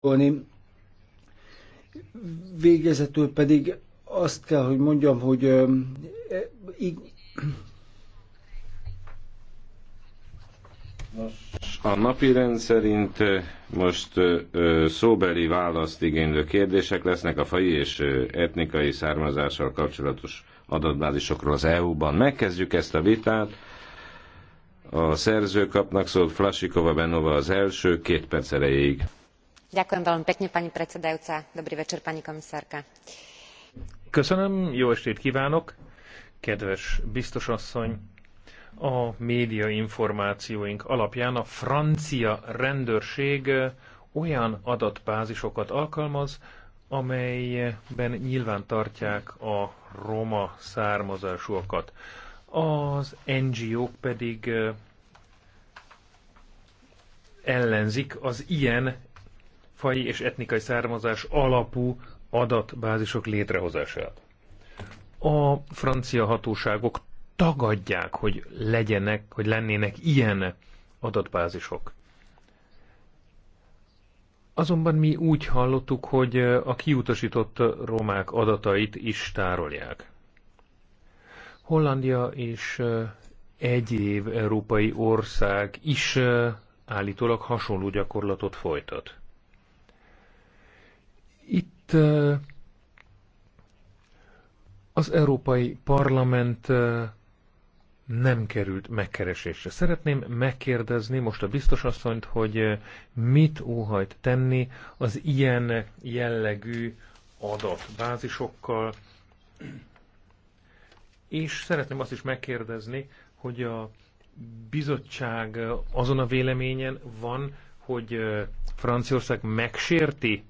gondolni. Végezetül pedig azt kell, hogy mondjam, hogy ö, így... A napi rend szerint most szóbeli választ igénylő kérdések lesznek a faji és etnikai származással kapcsolatos adatbázisokról az EU-ban. Megkezdjük ezt a vitát. A szerző kapnak szólt Flasikova Benova az első két perc elejéig. Köszönöm, jó estét kívánok! Kedves biztos asszony, a médiainformációink alapján a francia rendőrség olyan adatbázisokat alkalmaz, amelyben nyilván tartják a roma származásúakat. Az NGO-k pedig ellenzik az ilyen faji és etnikai származás alapú adatbázisok létrehozását. A francia hatóságok tagadják, hogy legyenek, hogy lennének ilyen adatbázisok. Azonban mi úgy hallottuk, hogy a kiutasított romák adatait is tárolják. Hollandia és egyéb európai ország is állítólag hasonló gyakorlatot folytat. Itt az Európai Parlament nem került megkeresésre. Szeretném megkérdezni most a biztos hogy mit óhajt tenni az ilyen jellegű adatbázisokkal, és szeretném azt is megkérdezni, hogy a bizottság azon a véleményen van, hogy Franciaország megsérti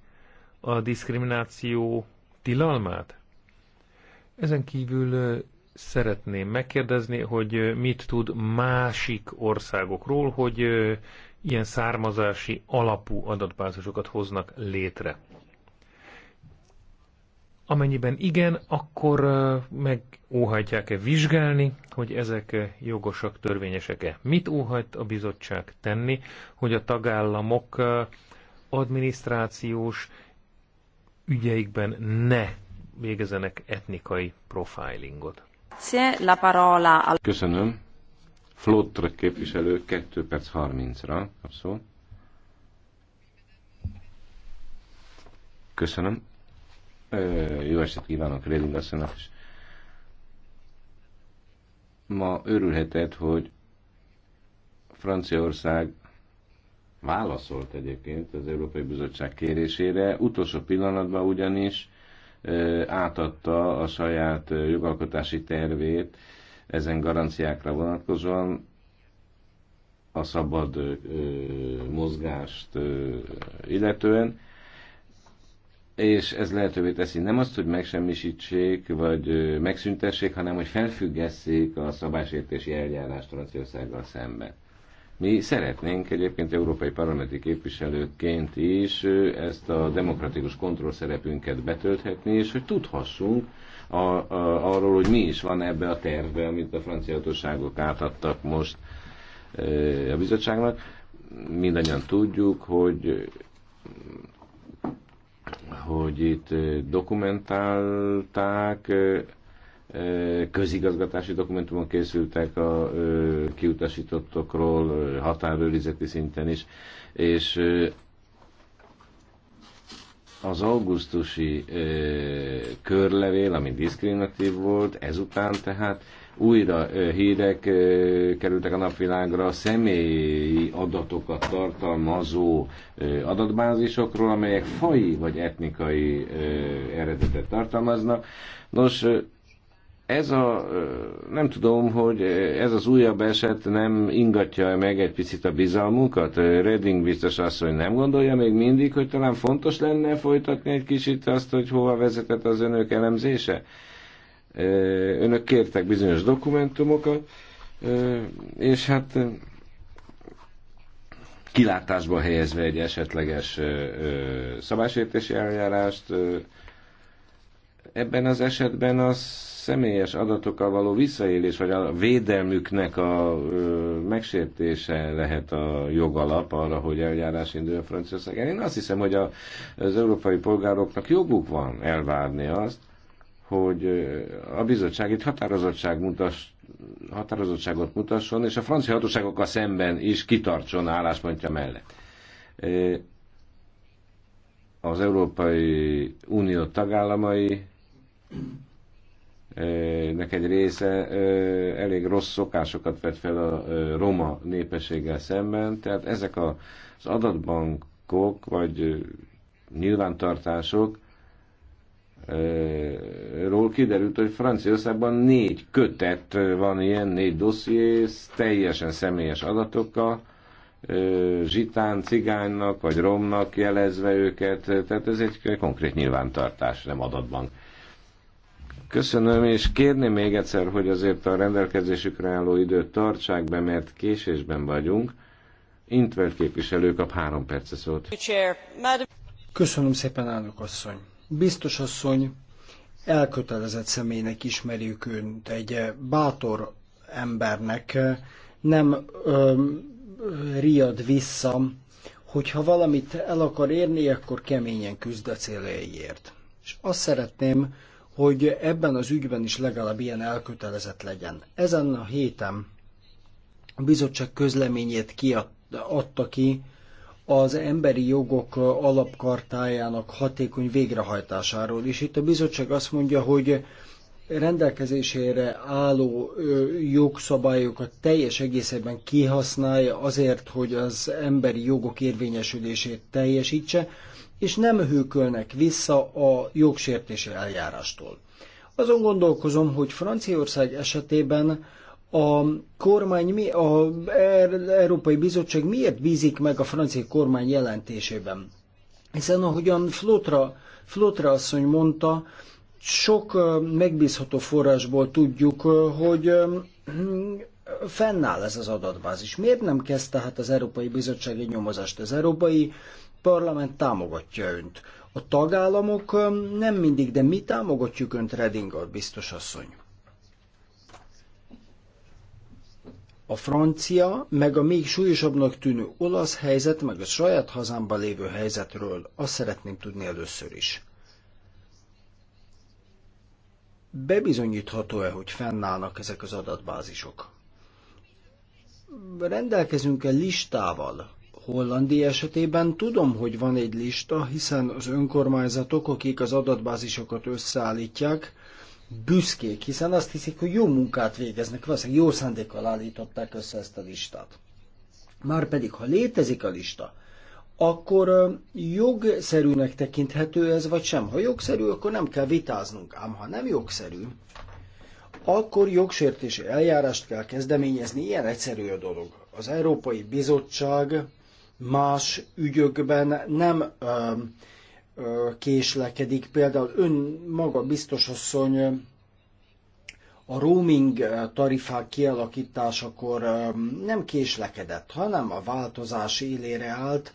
a diszkrimináció tilalmát? Ezen kívül szeretném megkérdezni, hogy mit tud másik országokról, hogy ilyen származási alapú adatbázisokat hoznak létre. Amennyiben igen, akkor meg óhajtják-e vizsgálni, hogy ezek jogosak, törvényesek-e? Mit óhajt a bizottság tenni, hogy a tagállamok adminisztrációs ügyeikben ne végezenek etnikai profilingot. Köszönöm. Flottr képviselő 2 perc 30-ra Abszolút. Köszönöm. Ö, jó estét kívánok Réling asszonynak is. Ma örülheted, hogy Franciaország válaszolt egyébként az Európai Bizottság kérésére, utolsó pillanatban ugyanis átadta a saját jogalkotási tervét ezen garanciákra vonatkozóan, a szabad ö, mozgást ö, illetően, és ez lehetővé teszi nem azt, hogy megsemmisítsék, vagy ö, megszüntessék, hanem hogy felfüggesszék a szabásértési eljárást Franciaországgal szemben. Mi szeretnénk egyébként európai parlamenti képviselőként is ezt a demokratikus kontroll szerepünket betölthetni, és hogy tudhassunk a, a, arról, hogy mi is van ebbe a tervbe, amit a francia hatóságok átadtak most a bizottságnak. Mindannyian tudjuk, hogy hogy itt dokumentálták közigazgatási dokumentumok készültek a kiutasítottokról, határőrizeti szinten is, és az augusztusi körlevél, ami diszkriminatív volt, ezután tehát újra hírek kerültek a napvilágra személyi adatokat tartalmazó adatbázisokról, amelyek faji vagy etnikai eredetet tartalmaznak. Nos, ez a, nem tudom, hogy ez az újabb eset nem ingatja meg egy picit a bizalmunkat. Redding biztos hogy nem gondolja még mindig, hogy talán fontos lenne folytatni egy kicsit azt, hogy hova vezetett az önök elemzése. Önök kértek bizonyos dokumentumokat, és hát kilátásba helyezve egy esetleges szabásértési eljárást, ebben az esetben a személyes adatokkal való visszaélés, vagy a védelmüknek a ö, megsértése lehet a jogalap arra, hogy eljárás a Franciaországon. Én azt hiszem, hogy a, az európai polgároknak joguk van elvárni azt, hogy a bizottság itt határozottság mutas, határozottságot mutasson, és a francia hatóságokkal szemben is kitartson álláspontja mellett az Európai Unió tagállamai nek egy része elég rossz szokásokat vett fel a roma népességgel szemben, tehát ezek az adatbankok vagy nyilvántartások ról kiderült, hogy Franciaországban négy kötet van ilyen, négy dosszié, teljesen személyes adatokkal, zsitán, cigánynak vagy romnak jelezve őket, tehát ez egy konkrét nyilvántartás, nem adatbank. Köszönöm, és kérném még egyszer, hogy azért a rendelkezésükre álló időt tartsák be, mert késésben vagyunk. Intvel képviselő kap három perce szót. Köszönöm szépen, elnök asszony. Biztos asszony, elkötelezett személynek ismerjük önt, egy bátor embernek, nem ö, riad vissza, hogyha valamit el akar érni, akkor keményen küzd a céljaiért. És azt szeretném, hogy ebben az ügyben is legalább ilyen elkötelezett legyen. Ezen a héten a bizottság közleményét kiadta ki az emberi jogok alapkartájának hatékony végrehajtásáról, és itt a bizottság azt mondja, hogy rendelkezésére álló jogszabályokat teljes egészében kihasználja azért, hogy az emberi jogok érvényesülését teljesítse, és nem hőkölnek vissza a jogsértési eljárástól. Azon gondolkozom, hogy Franciaország esetében a kormány, mi, a er- Európai Bizottság miért bízik meg a francia kormány jelentésében? Hiszen ahogyan Flotra, Flotra asszony mondta, sok megbízható forrásból tudjuk, hogy fennáll ez az adatbázis. Miért nem kezd tehát az Európai Bizottság egy nyomozást? Az Európai parlament támogatja önt. A tagállamok nem mindig, de mi támogatjuk önt, Redingot, biztos asszony. A francia, meg a még súlyosabbnak tűnő olasz helyzet, meg a saját hazámban lévő helyzetről azt szeretném tudni először is. Bebizonyítható-e, hogy fennállnak ezek az adatbázisok? Rendelkezünk-e listával Hollandia esetében tudom, hogy van egy lista, hiszen az önkormányzatok, akik az adatbázisokat összeállítják, büszkék, hiszen azt hiszik, hogy jó munkát végeznek, valószínűleg jó szándékkal állították össze ezt a listát. Márpedig, ha létezik a lista, akkor jogszerűnek tekinthető ez, vagy sem. Ha jogszerű, akkor nem kell vitáznunk. Ám ha nem jogszerű, akkor jogsértési eljárást kell kezdeményezni. Ilyen egyszerű a dolog. Az Európai Bizottság más ügyökben nem ö, ö, késlekedik. Például ön maga biztos asszony a roaming tarifák kialakításakor nem késlekedett, hanem a változás élére állt.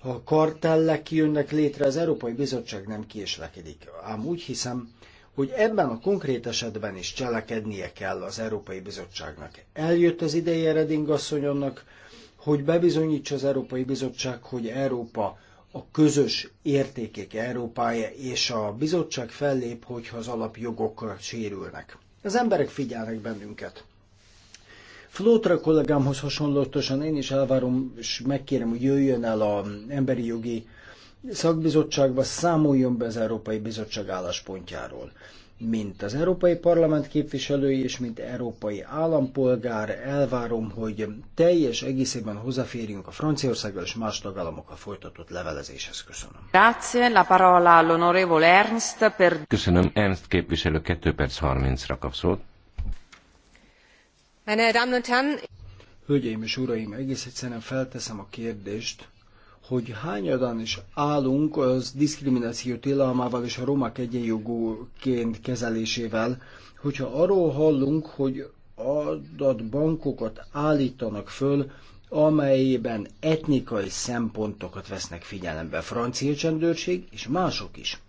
Ha a kartellek jönnek létre, az Európai Bizottság nem késlekedik. Ám úgy hiszem, hogy ebben a konkrét esetben is cselekednie kell az Európai Bizottságnak. Eljött az ideje Reding asszonyonnak, hogy bebizonyítsa az Európai Bizottság, hogy Európa a közös értékek Európája, és a bizottság fellép, hogyha az alapjogok sérülnek. Az emberek figyelnek bennünket. Flótra kollégámhoz hasonlótosan én is elvárom, és megkérem, hogy jöjjön el az emberi jogi szakbizottságba, számoljon be az Európai Bizottság álláspontjáról mint az Európai Parlament képviselői és mint európai állampolgár elvárom, hogy teljes egészében hozzáférjünk a Franciaországgal és más tagállamokkal folytatott levelezéshez. Köszönöm. Grazie, la parola all'onorevole Ernst per... Köszönöm, Ernst képviselő 2 perc 30-ra kap szót. Meine Damen und Herren... Hölgyeim és uraim, egész egyszerűen felteszem a kérdést, hogy hányadan is állunk az diszkrimináció tilalmával és a romák egyenjogúként kezelésével, hogyha arról hallunk, hogy adatbankokat állítanak föl, amelyben etnikai szempontokat vesznek figyelembe a francia csendőrség és mások is.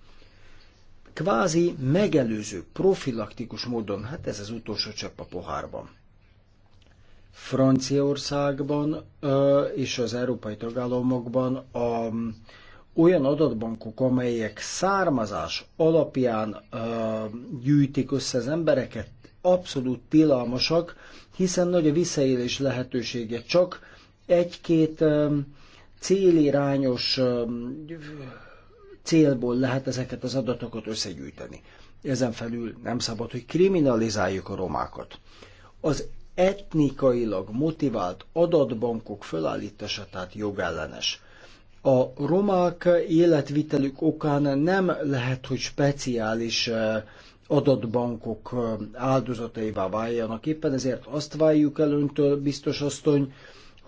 Kvázi megelőző, profilaktikus módon, hát ez az utolsó csepp a pohárban. Franciaországban és az európai tagállamokban a, olyan adatbankok, amelyek származás alapján ö, gyűjtik össze az embereket, abszolút tilalmasak, hiszen nagy a visszaélés lehetősége. Csak egy-két célirányos célból lehet ezeket az adatokat összegyűjteni. Ezen felül nem szabad, hogy kriminalizáljuk a romákat. Az etnikailag motivált adatbankok felállítása, tehát jogellenes. A romák életvitelük okán nem lehet, hogy speciális eh, adatbankok eh, áldozataivá váljanak. Éppen ezért azt várjuk el öntől, biztos asszony,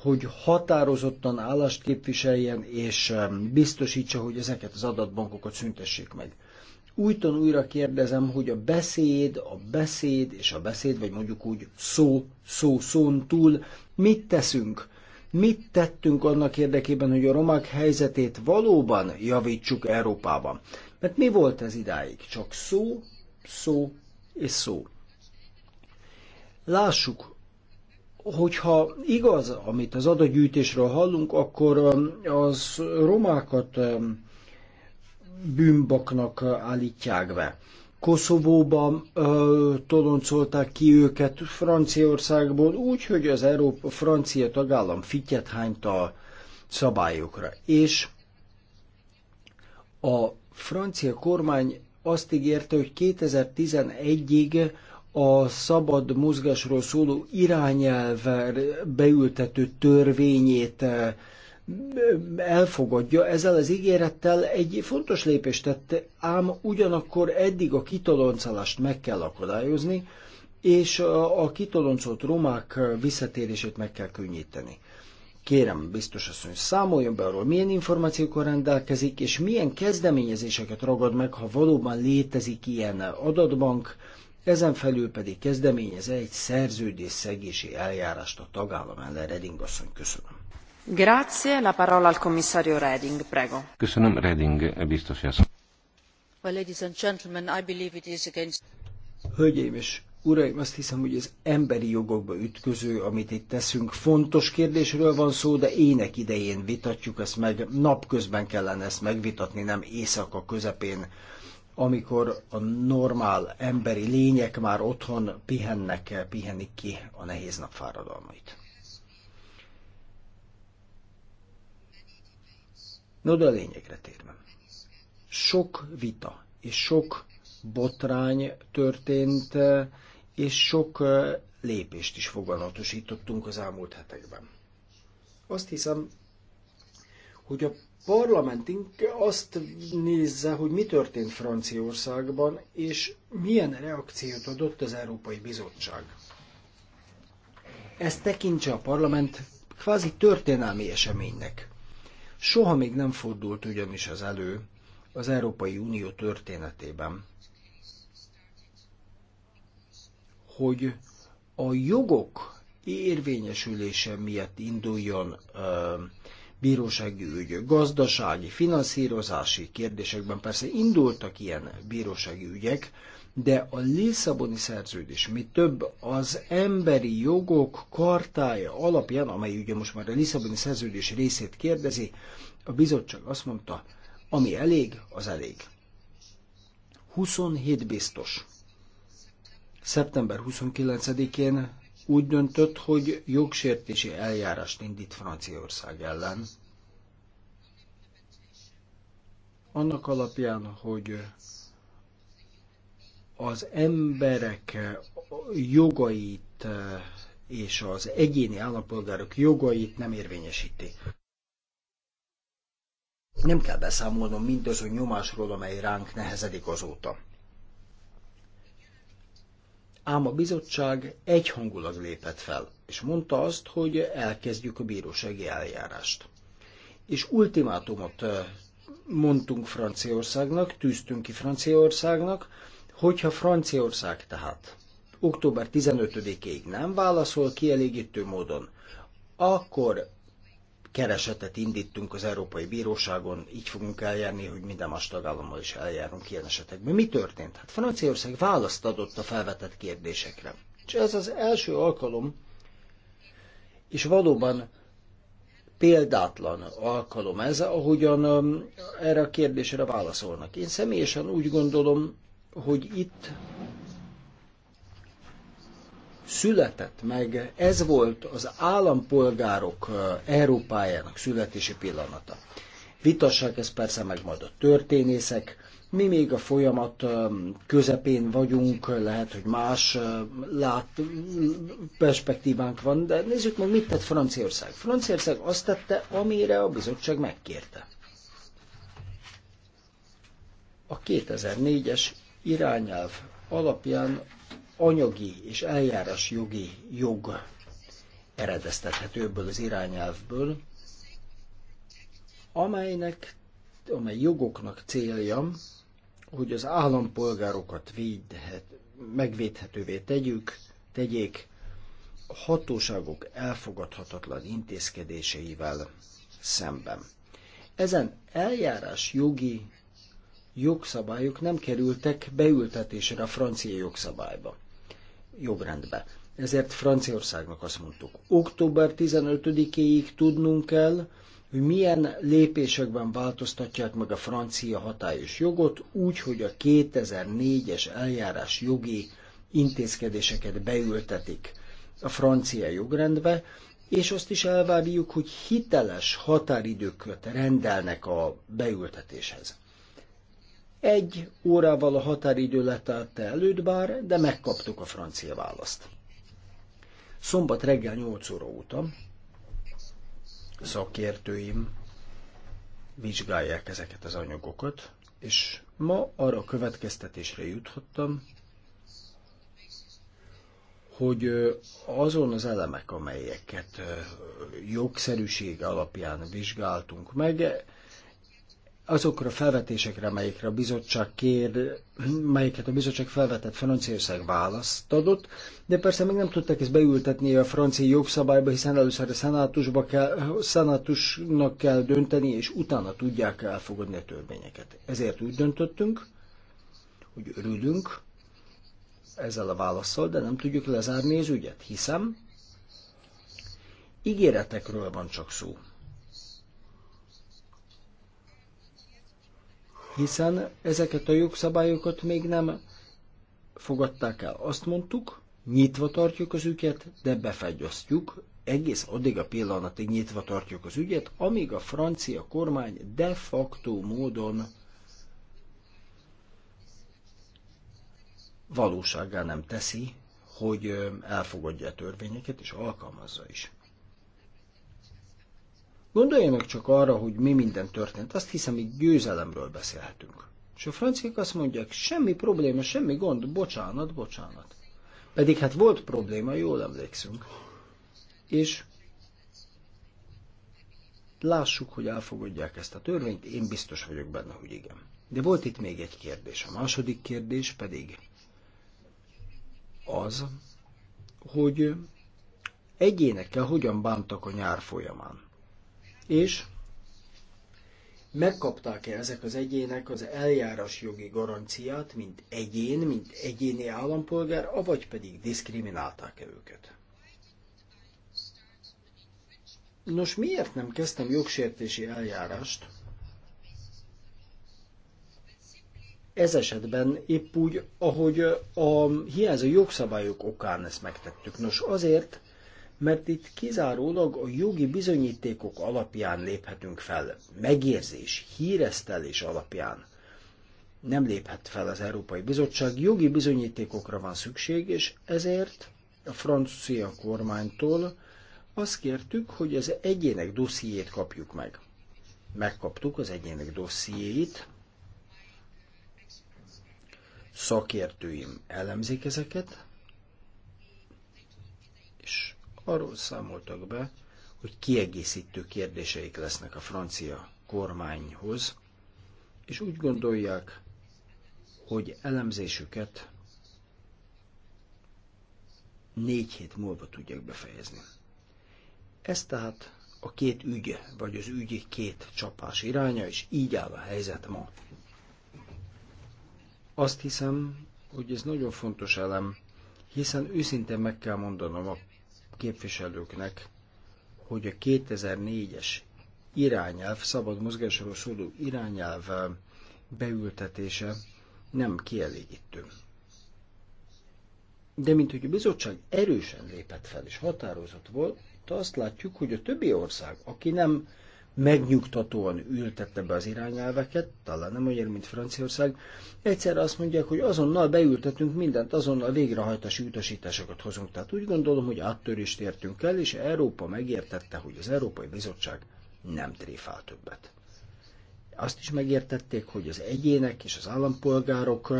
hogy határozottan állást képviseljen, és eh, biztosítsa, hogy ezeket az adatbankokat szüntessék meg újton újra kérdezem, hogy a beszéd, a beszéd és a beszéd, vagy mondjuk úgy szó, szó, szón túl, mit teszünk? Mit tettünk annak érdekében, hogy a romák helyzetét valóban javítsuk Európában? Mert mi volt ez idáig? Csak szó, szó és szó. Lássuk, hogyha igaz, amit az adagyűjtésről hallunk, akkor um, az romákat um, bűnbaknak állítják be. Koszovóban ö, toloncolták ki őket Franciaországból úgy, hogy az Európa, francia tagállam fityet hányt a szabályokra. És a francia kormány azt ígérte, hogy 2011-ig a szabad mozgásról szóló irányelv beültető törvényét elfogadja, ezzel az ígérettel egy fontos lépést tette, ám ugyanakkor eddig a kitoloncolást meg kell akadályozni, és a kitoloncolt romák visszatérését meg kell könnyíteni. Kérem, biztos asszony, számoljon be arról, milyen információkkal rendelkezik, és milyen kezdeményezéseket ragad meg, ha valóban létezik ilyen adatbank, ezen felül pedig kezdeményez egy szegési eljárást a tagállam ellen, Reding asszony, köszönöm. Grazie, la parola al commissario Reding, prego. Köszönöm, Reding biztos Well, ladies and gentlemen, I believe it is against... Hölgyeim és uraim, azt hiszem, hogy az emberi jogokba ütköző, amit itt teszünk, fontos kérdésről van szó, de ének idején vitatjuk ezt meg, napközben kellene ezt megvitatni, nem éjszaka közepén, amikor a normál emberi lények már otthon pihennek, pihenik ki a nehéz nap fáradalmait. No, de a lényegre térve. Sok vita és sok botrány történt, és sok lépést is foganatosítottunk az elmúlt hetekben. Azt hiszem, hogy a parlamentink azt nézze, hogy mi történt Franciaországban, és milyen reakciót adott az Európai Bizottság. Ezt tekintse a parlament kvázi történelmi eseménynek. Soha még nem fordult ugyanis az elő az Európai Unió történetében, hogy a jogok érvényesülése miatt induljon ö, bírósági ügy, gazdasági, finanszírozási kérdésekben persze indultak ilyen bírósági ügyek, de a Lisszaboni szerződés, mi több az emberi jogok kartája alapján, amely ugye most már a Lisszaboni szerződés részét kérdezi, a bizottság azt mondta, ami elég, az elég. 27 biztos. Szeptember 29-én úgy döntött, hogy jogsértési eljárást indít Franciaország ellen. Annak alapján, hogy az emberek jogait eh, és az egyéni állampolgárok jogait nem érvényesíti. Nem kell beszámolnom a nyomásról, amely ránk nehezedik azóta. Ám a bizottság egyhangulag lépett fel, és mondta azt, hogy elkezdjük a bírósági eljárást. És ultimátumot eh, mondtunk Franciaországnak, tűztünk ki Franciaországnak, Hogyha Franciaország tehát október 15-ig nem válaszol kielégítő módon, akkor keresetet indítunk az Európai Bíróságon, így fogunk eljárni, hogy minden más tagállammal is eljárunk ilyen esetekben. Mi történt? Hát Franciaország választ adott a felvetett kérdésekre. És ez az első alkalom, és valóban példátlan alkalom ez, ahogyan um, erre a kérdésre válaszolnak. Én személyesen úgy gondolom, hogy itt született meg, ez volt az állampolgárok Európájának születési pillanata. Vitassák ezt persze meg majd a történészek, mi még a folyamat közepén vagyunk, lehet, hogy más lát, perspektívánk van, de nézzük meg, mit tett Franciaország. Franciaország azt tette, amire a bizottság megkérte. A 2004-es irányelv alapján anyagi és eljárás jogi jog eredeztethető ebből az irányelvből, amelynek, amely jogoknak célja, hogy az állampolgárokat védhet, megvédhetővé tegyük, tegyék a hatóságok elfogadhatatlan intézkedéseivel szemben. Ezen eljárás jogi jogszabályok nem kerültek beültetésre a francia jogszabályba, jogrendbe. Ezért Franciaországnak azt mondtuk, október 15-éig tudnunk kell, hogy milyen lépésekben változtatják meg a francia hatályos jogot, úgy, hogy a 2004-es eljárás jogi intézkedéseket beültetik a francia jogrendbe, és azt is elvárjuk, hogy hiteles határidőköt rendelnek a beültetéshez. Egy órával a határidő letelte előtt bár, de megkaptuk a francia választ. Szombat reggel 8 óra óta szakértőim vizsgálják ezeket az anyagokat, és ma arra a következtetésre juthattam, hogy azon az elemek, amelyeket jogszerűség alapján vizsgáltunk meg, azokra a felvetésekre, melyekre a bizottság kér, melyeket a bizottság felvetett Franciaország választ adott, de persze még nem tudták ezt beültetni a francia jogszabályba, hiszen először a szenátusba kell, szenátusnak kell dönteni, és utána tudják elfogadni a törvényeket. Ezért úgy döntöttünk, hogy örülünk ezzel a válaszsal, de nem tudjuk lezárni az ügyet, hiszem ígéretekről van csak szó hiszen ezeket a jogszabályokat még nem fogadták el. Azt mondtuk, nyitva tartjuk az ügyet, de befegyasztjuk, egész addig a pillanatig nyitva tartjuk az ügyet, amíg a francia kormány de facto módon valóságá nem teszi, hogy elfogadja a törvényeket és alkalmazza is meg csak arra, hogy mi minden történt. Azt hiszem, hogy győzelemről beszélhetünk. És a franciák azt mondják, semmi probléma, semmi gond, bocsánat, bocsánat. Pedig hát volt probléma, jól emlékszünk. És lássuk, hogy elfogadják ezt a törvényt, én biztos vagyok benne, hogy igen. De volt itt még egy kérdés. A második kérdés pedig az, hogy egyénekkel hogyan bántak a nyár folyamán és megkapták-e ezek az egyének az eljárás jogi garanciát, mint egyén, mint egyéni állampolgár, avagy pedig diszkriminálták-e őket. Nos, miért nem kezdtem jogsértési eljárást? Ez esetben épp úgy, ahogy a hiányzó jogszabályok okán ezt megtettük. Nos, azért, mert itt kizárólag a jogi bizonyítékok alapján léphetünk fel, megérzés, híresztelés alapján nem léphet fel az Európai Bizottság, jogi bizonyítékokra van szükség, és ezért a francia kormánytól azt kértük, hogy az egyének dossziét kapjuk meg. Megkaptuk az egyének dossziéit, szakértőim elemzik ezeket, és arról számoltak be, hogy kiegészítő kérdéseik lesznek a francia kormányhoz, és úgy gondolják, hogy elemzésüket négy hét múlva tudják befejezni. Ez tehát a két ügy, vagy az ügy két csapás iránya, és így áll a helyzet ma. Azt hiszem, hogy ez nagyon fontos elem, hiszen őszintén meg kell mondanom, a képviselőknek, hogy a 2004-es irányelv, szabad mozgásról szóló irányelv eh, beültetése nem kielégítő. De mint hogy a bizottság erősen lépett fel és határozott volt, azt látjuk, hogy a többi ország, aki nem megnyugtatóan ültette be az irányelveket, talán nem olyan, mint Franciaország, egyszerre azt mondják, hogy azonnal beültetünk mindent, azonnal végrehajtási utasításokat hozunk. Tehát úgy gondolom, hogy áttörést értünk el, és Európa megértette, hogy az Európai Bizottság nem tréfál többet. Azt is megértették, hogy az egyének és az állampolgárok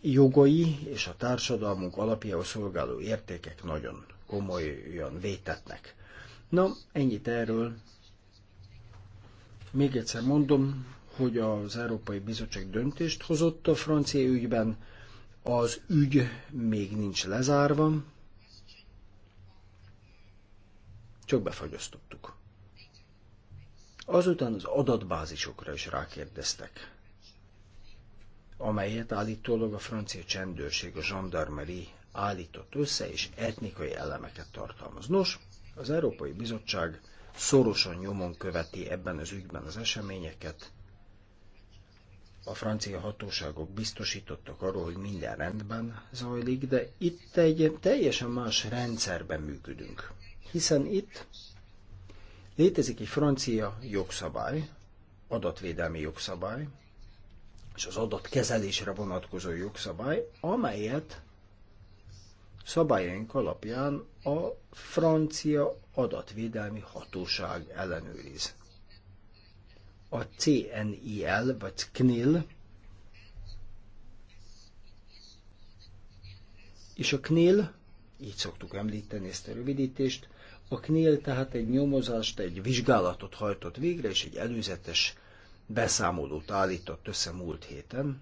jogai és a társadalmunk alapjául szolgáló értékek nagyon komolyan vétetnek. Na, ennyit erről, még egyszer mondom, hogy az Európai Bizottság döntést hozott a francia ügyben, az ügy még nincs lezárva, csak befagyasztottuk. Azután az adatbázisokra is rákérdeztek, amelyet állítólag a francia csendőrség, a gendarmerie állított össze, és etnikai elemeket tartalmaz. Nos, az Európai Bizottság szorosan nyomon követi ebben az ügyben az eseményeket. A francia hatóságok biztosítottak arról, hogy minden rendben zajlik, de itt egy teljesen más rendszerben működünk. Hiszen itt létezik egy francia jogszabály, adatvédelmi jogszabály, és az adatkezelésre vonatkozó jogszabály, amelyet szabályaink alapján a francia adatvédelmi hatóság ellenőriz. A CNIL vagy CNIL és a CNIL, így szoktuk említeni ezt a rövidítést, a CNIL tehát egy nyomozást, egy vizsgálatot hajtott végre, és egy előzetes beszámolót állított össze múlt héten.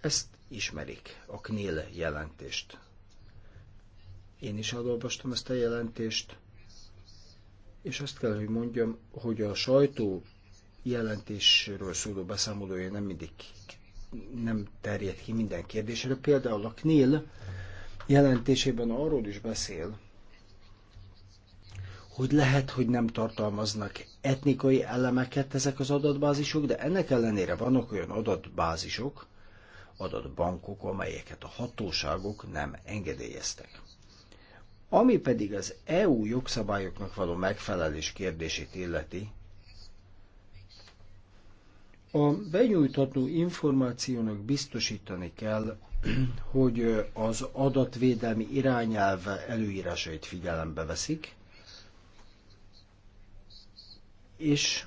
Ezt ismerik a knél jelentést. Én is elolvastam ezt a jelentést, és azt kell, hogy mondjam, hogy a sajtó jelentésről szóló beszámolója nem mindig nem terjed ki minden kérdésre. Például a knél jelentésében arról is beszél, hogy lehet, hogy nem tartalmaznak etnikai elemeket ezek az adatbázisok, de ennek ellenére vannak olyan adatbázisok, adatbankok, amelyeket a hatóságok nem engedélyeztek. Ami pedig az EU jogszabályoknak való megfelelés kérdését illeti, a benyújtató információnak biztosítani kell, hogy az adatvédelmi irányelv előírásait figyelembe veszik, és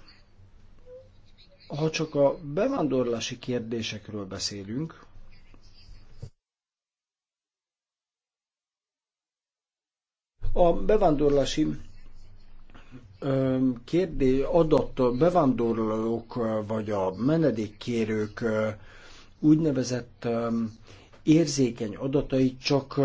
ha csak a bevándorlási kérdésekről beszélünk, a bevándorlási kérdé, adott bevándorlók vagy a menedékkérők úgynevezett érzékeny adatai csak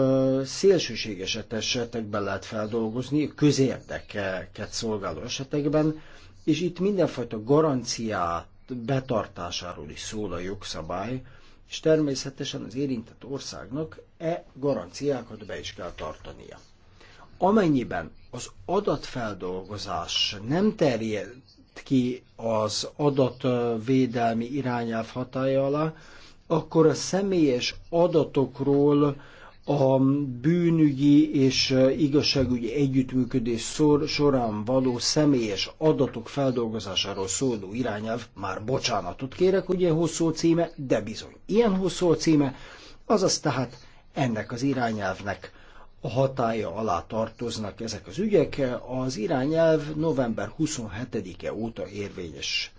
szélsőséges esetekben lehet feldolgozni, közérdekeket szolgáló esetekben, és itt mindenfajta garanciát betartásáról is szól a jogszabály, és természetesen az érintett országnak e garanciákat be is kell tartania. Amennyiben az adatfeldolgozás nem terjed ki az adatvédelmi irányelv hatája alá, akkor a személyes adatokról a bűnügyi és igazságügyi együttműködés során való személyes adatok feldolgozásáról szóló irányelv, már bocsánatot kérek, ugye hosszú a címe, de bizony ilyen hosszú a címe, azaz tehát ennek az irányelvnek a hatája alá tartoznak ezek az ügyek. Az irányelv november 27-e óta érvényes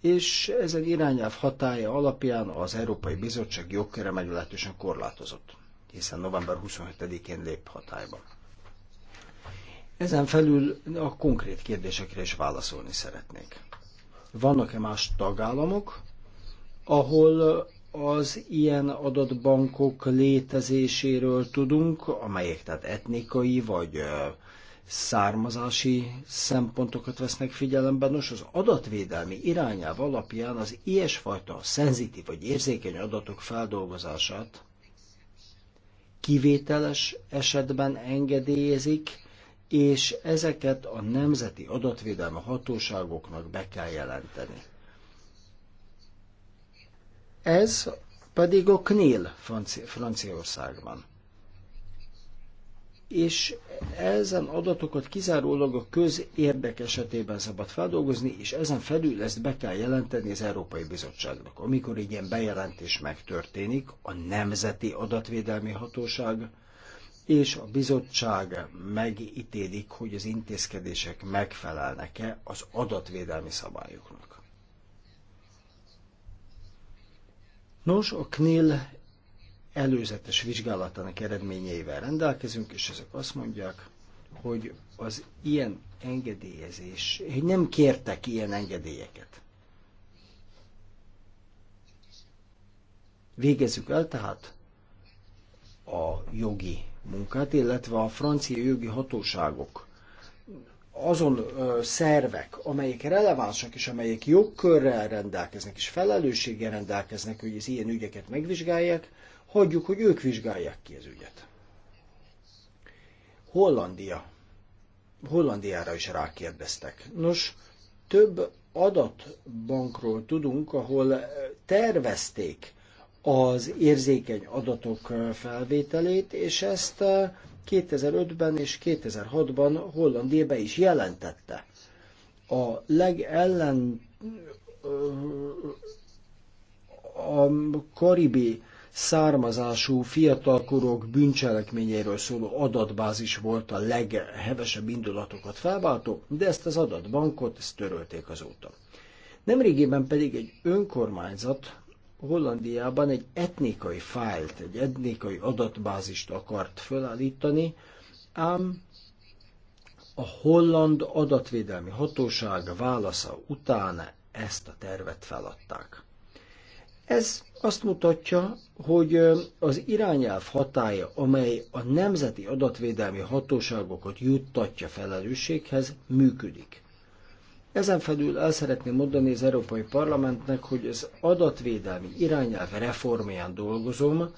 és egy irányelv hatája alapján az Európai Bizottság jogköre meglehetősen korlátozott, hiszen november 27-én lép hatályba. Ezen felül a konkrét kérdésekre is válaszolni szeretnék. Vannak-e más tagállamok, ahol az ilyen adatbankok létezéséről tudunk, amelyek tehát etnikai vagy származási szempontokat vesznek figyelembe. Nos, az adatvédelmi irányáv alapján az ilyesfajta szenzitív vagy érzékeny adatok feldolgozását kivételes esetben engedélyezik, és ezeket a nemzeti adatvédelmi hatóságoknak be kell jelenteni. Ez pedig a CNIL Franci- Franciaországban és ezen adatokat kizárólag a közérdek esetében szabad feldolgozni, és ezen felül ezt be kell jelenteni az Európai Bizottságnak. Amikor egy ilyen bejelentés megtörténik, a Nemzeti Adatvédelmi Hatóság és a bizottság megítélik, hogy az intézkedések megfelelnek-e az adatvédelmi szabályoknak. Nos, a KNIL előzetes vizsgálatának eredményeivel rendelkezünk, és ezek azt mondják, hogy az ilyen engedélyezés, hogy nem kértek ilyen engedélyeket. Végezzük el tehát a jogi munkát, illetve a francia jogi hatóságok azon ö, szervek, amelyek relevánsak és amelyek jogkörrel rendelkeznek és felelősséggel rendelkeznek, hogy az ilyen ügyeket megvizsgálják, hagyjuk, hogy ők vizsgálják ki az ügyet. Hollandia. Hollandiára is rákérdeztek. Nos, több adatbankról tudunk, ahol tervezték az érzékeny adatok felvételét, és ezt 2005-ben és 2006-ban Hollandia be is jelentette. A legellen a karibi származású fiatalkorok bűncselekményeiről szóló adatbázis volt a leghevesebb indulatokat felváltó, de ezt az adatbankot ezt törölték azóta. Nemrégében pedig egy önkormányzat Hollandiában egy etnikai fájlt, egy etnikai adatbázist akart felállítani, ám a holland adatvédelmi hatóság válasza után ezt a tervet feladták. Ez azt mutatja, hogy az irányelv hatája, amely a nemzeti adatvédelmi hatóságokat juttatja felelősséghez, működik. Ezen felül el szeretném mondani az Európai Parlamentnek, hogy az adatvédelmi irányelv reformján dolgozom,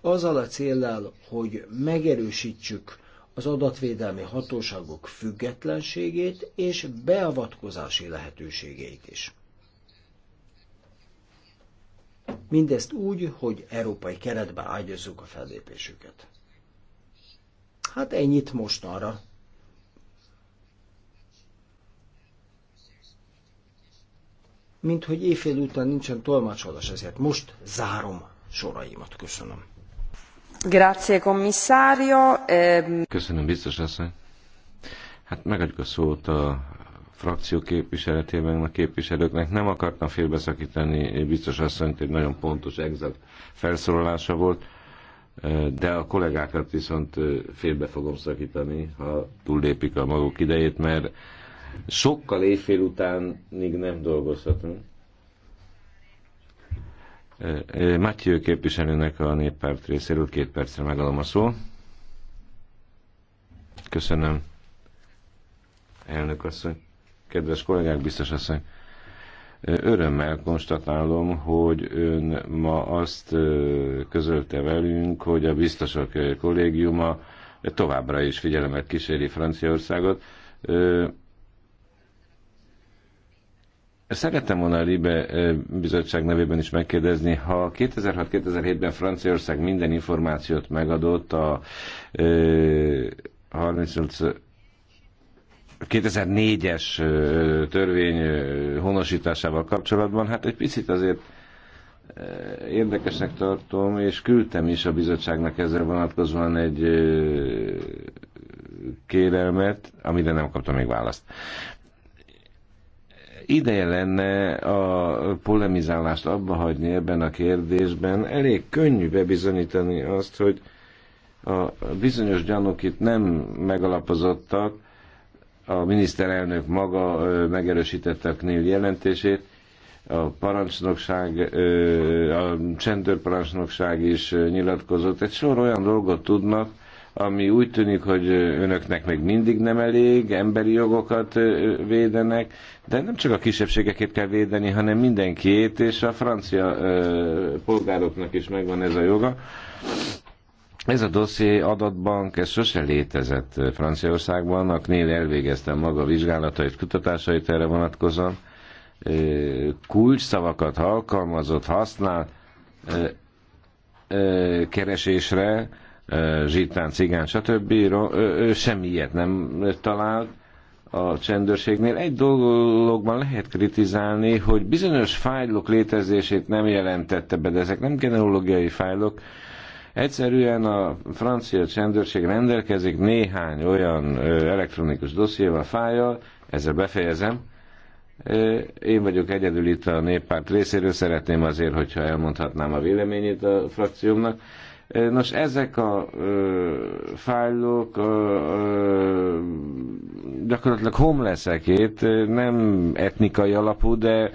azzal a céllal, hogy megerősítsük az adatvédelmi hatóságok függetlenségét és beavatkozási lehetőségeit is. Mindezt úgy, hogy európai keretbe ágyazzuk a fellépésüket. Hát ennyit arra. Mint hogy éjfél után nincsen tolmácsolás, ezért most zárom soraimat. Köszönöm. Grazie, commissario. Ehm, Köszönöm, biztos asszony. Hát megadjuk a szót a frakció képviseletében a képviselőknek nem akartam félbeszakítani, biztos asszonyt egy nagyon pontos, exakt felszólalása volt, de a kollégákat viszont félbe fogom szakítani, ha túllépik a maguk idejét, mert sokkal éjfél még nem dolgozhatunk. Matyő képviselőnek a néppárt részéről két percre megadom a szó. Köszönöm, elnök asszony kedves kollégák, biztos leszek. örömmel konstatálom, hogy ön ma azt közölte velünk, hogy a biztosok kollégiuma továbbra is figyelemet kíséri Franciaországot. Szerettem volna a Libe bizottság nevében is megkérdezni, ha 2006-2007-ben Franciaország minden információt megadott a 38 2004-es törvény honosításával kapcsolatban, hát egy picit azért érdekesnek tartom, és küldtem is a bizottságnak ezzel vonatkozóan egy kérelmet, amire nem kaptam még választ. Ideje lenne a polemizálást abba hagyni ebben a kérdésben. Elég könnyű bebizonyítani azt, hogy a bizonyos gyanúk itt nem megalapozottak, a miniszterelnök maga megerősítette a KNIL jelentését, a parancsnokság, a csendőrparancsnokság is nyilatkozott. Egy sor olyan dolgot tudnak, ami úgy tűnik, hogy önöknek még mindig nem elég, emberi jogokat védenek, de nem csak a kisebbségekét kell védeni, hanem mindenkiét, és a francia polgároknak is megvan ez a joga. Ez a dosszié adatbank, ez sose létezett Franciaországban. A CNIL elvégezte maga vizsgálatait, kutatásait erre vonatkozóan. Kulcs szavakat alkalmazott, használ keresésre, zsitán, cigán, stb. Ő semmi ilyet nem talált a csendőrségnél. Egy dologban lehet kritizálni, hogy bizonyos fájlok létezését nem jelentette be, de ezek nem genealógiai fájlok, Egyszerűen a francia csendőrség rendelkezik néhány olyan elektronikus dossziéval, fájjal, ezzel befejezem. Én vagyok egyedül itt a néppárt részéről, szeretném azért, hogyha elmondhatnám a véleményét a frakciómnak. Nos, ezek a ö, fájlok ö, ö, gyakorlatilag homelessekét, nem etnikai alapú, de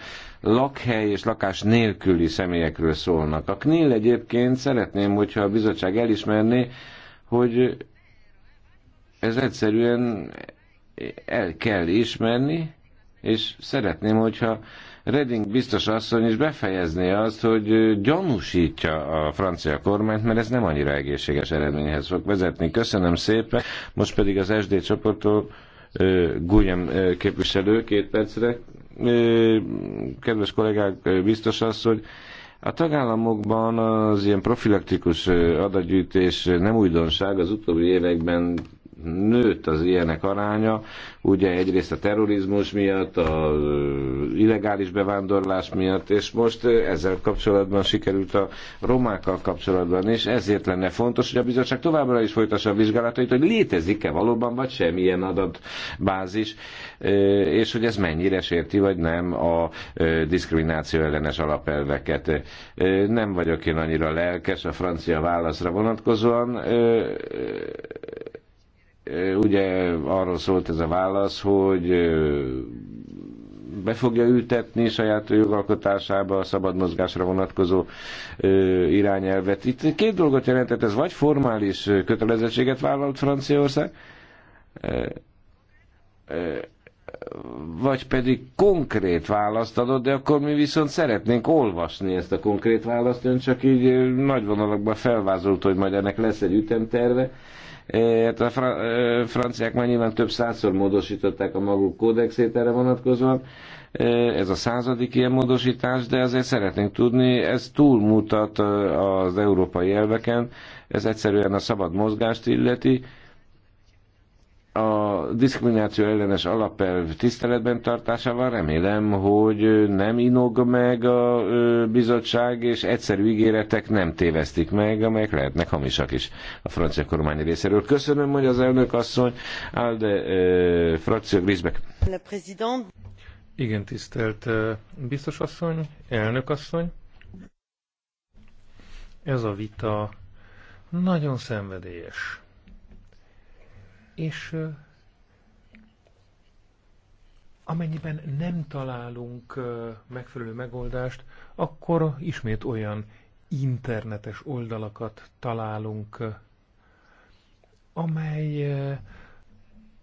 lakhely és lakás nélküli személyekről szólnak. A KNIL egyébként szeretném, hogyha a bizottság elismerné, hogy ez egyszerűen el kell ismerni, és szeretném, hogyha Reding biztos asszony is befejezné azt, hogy gyanúsítja a francia kormányt, mert ez nem annyira egészséges eredményhez fog vezetni. Köszönöm szépen. Most pedig az SD csoporttól Gulyam képviselő két percre kedves kollégák, biztos az, hogy a tagállamokban az ilyen profilaktikus adatgyűjtés nem újdonság, az utóbbi években nőtt az ilyenek aránya, ugye egyrészt a terrorizmus miatt, a illegális bevándorlás miatt, és most ezzel kapcsolatban sikerült a romákkal kapcsolatban, és ezért lenne fontos, hogy a bizottság továbbra is folytassa a vizsgálatait, hogy létezik-e valóban, vagy semmilyen adatbázis, és hogy ez mennyire sérti, vagy nem a diszkrimináció ellenes alapelveket. Nem vagyok én annyira lelkes a francia válaszra vonatkozóan, ugye arról szólt ez a válasz, hogy be fogja ültetni saját jogalkotásába a szabad mozgásra vonatkozó irányelvet. Itt két dolgot jelentett, ez vagy formális kötelezettséget vállalt Franciaország, vagy pedig konkrét választ adott, de akkor mi viszont szeretnénk olvasni ezt a konkrét választ, ön csak így nagy vonalakban felvázolt, hogy majd ennek lesz egy ütemterve, a franciák már nyilván több százszor módosították a maguk kódexét erre vonatkozóan. Ez a századik ilyen módosítás, de azért szeretnénk tudni, ez túlmutat az európai elveken, ez egyszerűen a szabad mozgást illeti, a diszkrimináció ellenes alapelv tiszteletben tartásával remélem, hogy nem inog meg a bizottság, és egyszerű ígéretek nem tévesztik meg, amelyek lehetnek hamisak is a francia kormány részéről. Köszönöm, hogy az elnök asszony, Alde eh, frakció Grisbeck. Igen, tisztelt biztos asszony, elnök asszony. Ez a vita nagyon szenvedélyes és amennyiben nem találunk megfelelő megoldást, akkor ismét olyan internetes oldalakat találunk, amely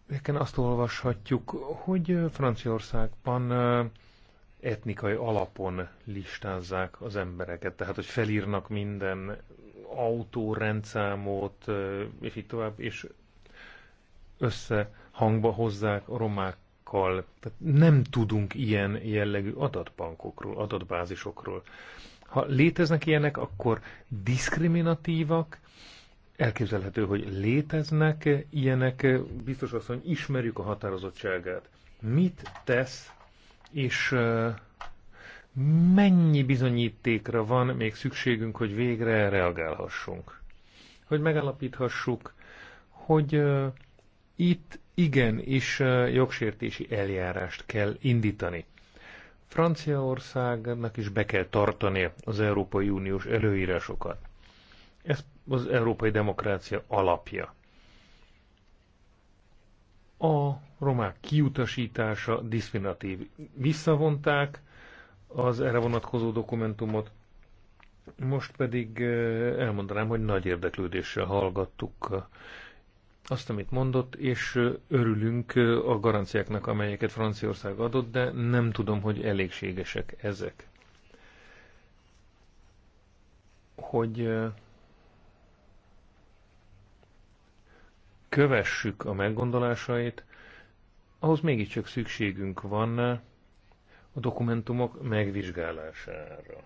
Ezeken azt olvashatjuk, hogy Franciaországban etnikai alapon listázzák az embereket, tehát hogy felírnak minden autó rendszámot, és így tovább, és össze hangba hozzák a romákkal. Tehát nem tudunk ilyen jellegű adatbankokról, adatbázisokról. Ha léteznek ilyenek, akkor diszkriminatívak, elképzelhető, hogy léteznek ilyenek, biztos azt, mondja, ismerjük a határozottságát. Mit tesz, és mennyi bizonyítékra van még szükségünk, hogy végre reagálhassunk? Hogy megállapíthassuk, hogy itt igen is jogsértési eljárást kell indítani. Franciaországnak is be kell tartania az Európai Uniós előírásokat. Ez az európai demokrácia alapja. A romák kiutasítása diszkriminatív. Visszavonták az erre vonatkozó dokumentumot, most pedig elmondanám, hogy nagy érdeklődéssel hallgattuk azt, amit mondott, és örülünk a garanciáknak, amelyeket Franciaország adott, de nem tudom, hogy elégségesek ezek. Hogy kövessük a meggondolásait, ahhoz mégiscsak szükségünk van a dokumentumok megvizsgálására.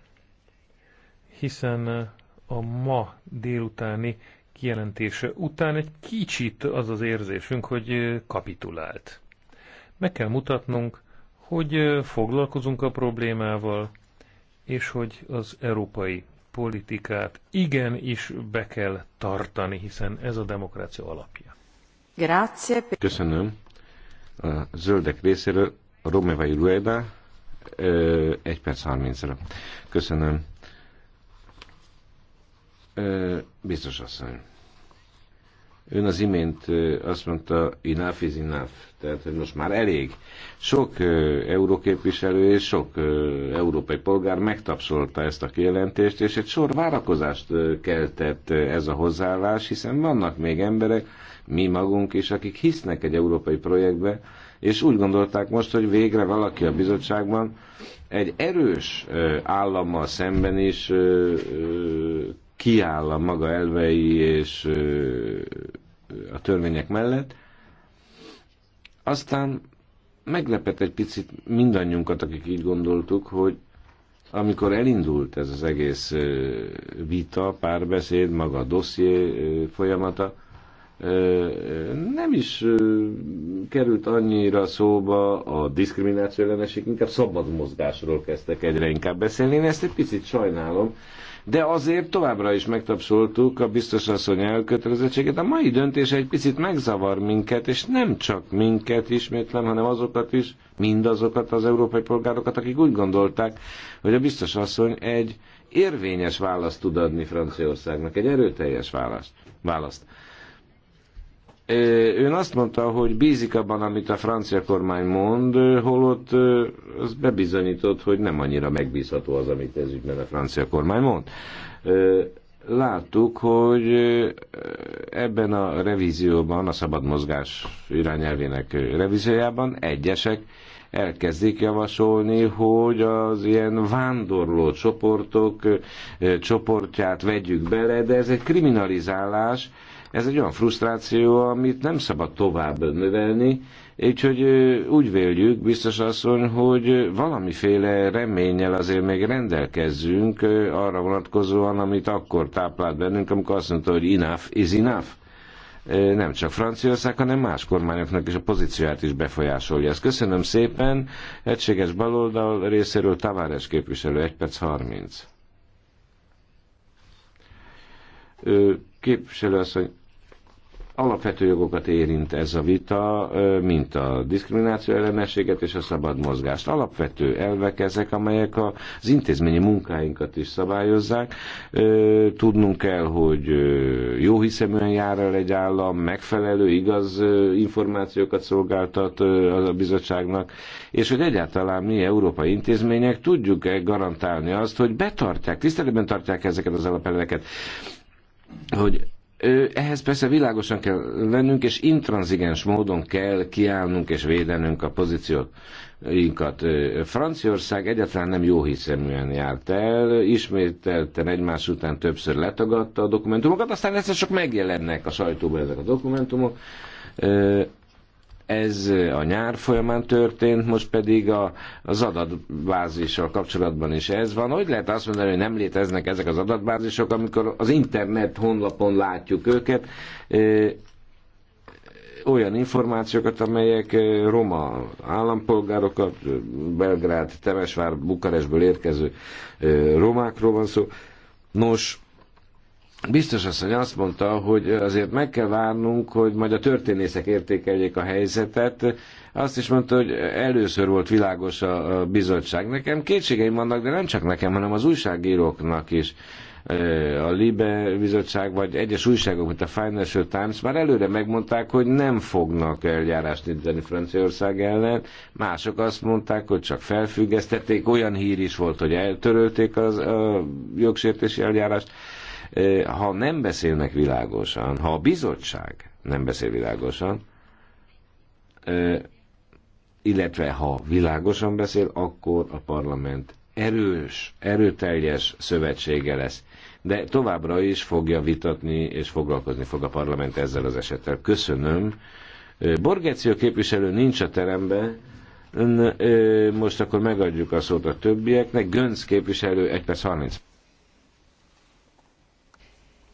Hiszen a ma délutáni kijelentése után egy kicsit az az érzésünk, hogy kapitulált. Meg kell mutatnunk, hogy foglalkozunk a problémával, és hogy az európai politikát igenis be kell tartani, hiszen ez a demokrácia alapja. Köszönöm. A zöldek részéről Romevai Rueda, egy perc 30-ra. Köszönöm. Biztos asszony. Ön az imént azt mondta, enough is enough, tehát hogy most már elég. Sok euróképviselő és sok európai polgár megtapsolta ezt a kijelentést, és egy sor várakozást keltett ez a hozzáállás, hiszen vannak még emberek, mi magunk is, akik hisznek egy európai projektbe, és úgy gondolták most, hogy végre valaki a bizottságban egy erős állammal szemben is kiáll a maga elvei és a törvények mellett. Aztán meglepett egy picit mindannyiunkat, akik így gondoltuk, hogy amikor elindult ez az egész vita, párbeszéd, maga a dosszié folyamata, nem is került annyira szóba a diszkrimináció ellenesség, inkább szabad mozgásról kezdtek egyre inkább beszélni. Én ezt egy picit sajnálom, de azért továbbra is megtapsoltuk a biztos asszony elkötelezettséget. A mai döntés egy picit megzavar minket, és nem csak minket ismétlem, hanem azokat is, mindazokat az európai polgárokat, akik úgy gondolták, hogy a biztos asszony egy érvényes választ tud adni Franciaországnak, egy erőteljes választ. választ. Ön azt mondta, hogy bízik abban, amit a francia kormány mond, holott az bebizonyított, hogy nem annyira megbízható az, amit ez ügyben a francia kormány mond. Láttuk, hogy ebben a revízióban, a szabad mozgás irányelvének revíziójában egyesek elkezdik javasolni, hogy az ilyen vándorló csoportok csoportját vegyük bele, de ez egy kriminalizálás, ez egy olyan frusztráció, amit nem szabad tovább növelni, úgyhogy hogy úgy véljük, biztos asszony, hogy valamiféle reménnyel azért még rendelkezzünk arra vonatkozóan, amit akkor táplált bennünk, amikor azt mondta, hogy enough is enough nem csak Franciaország, hanem más kormányoknak is a pozícióját is befolyásolja. Ezt köszönöm szépen. Egységes baloldal részéről Tavares képviselő, 1 perc 30. Ő Képviselő asszony, alapvető jogokat érint ez a vita, mint a diszkrimináció ellenességet és a szabad mozgást. Alapvető elvek ezek, amelyek az intézményi munkáinkat is szabályozzák. Tudnunk kell, hogy jó hiszeműen jár el egy állam, megfelelő, igaz információkat szolgáltat a bizottságnak, és hogy egyáltalán mi európai intézmények tudjuk-e garantálni azt, hogy betartják, tiszteletben tartják ezeket az alapelveket hogy ehhez persze világosan kell lennünk, és intranzigens módon kell kiállnunk és védenünk a pozícióinkat. Franciaország egyáltalán nem jó hiszeműen járt el, ismételten egymás után többször letagadta a dokumentumokat, aztán egyszer csak megjelennek a sajtóban ezek a dokumentumok, ez a nyár folyamán történt, most pedig a, az adatbázissal kapcsolatban is ez van. Hogy lehet azt mondani, hogy nem léteznek ezek az adatbázisok, amikor az internet honlapon látjuk őket, olyan információkat, amelyek roma állampolgárokat, Belgrád, Temesvár, Bukarestből érkező romákról van szó. Nos, Biztos hogy azt mondta, hogy azért meg kell várnunk, hogy majd a történészek értékeljék a helyzetet. Azt is mondta, hogy először volt világos a bizottság. Nekem kétségeim vannak, de nem csak nekem, hanem az újságíróknak is a Libe bizottság, vagy egyes újságok, mint a Financial Times már előre megmondták, hogy nem fognak eljárást indítani Franciaország ellen. Mások azt mondták, hogy csak felfüggesztették. Olyan hír is volt, hogy eltörölték az a jogsértési eljárást ha nem beszélnek világosan, ha a bizottság nem beszél világosan, illetve ha világosan beszél, akkor a parlament erős, erőteljes szövetsége lesz. De továbbra is fogja vitatni és foglalkozni fog a parlament ezzel az esettel. Köszönöm. Borgeció képviselő nincs a teremben, most akkor megadjuk a szót a többieknek. Gönc képviselő 1 perc 30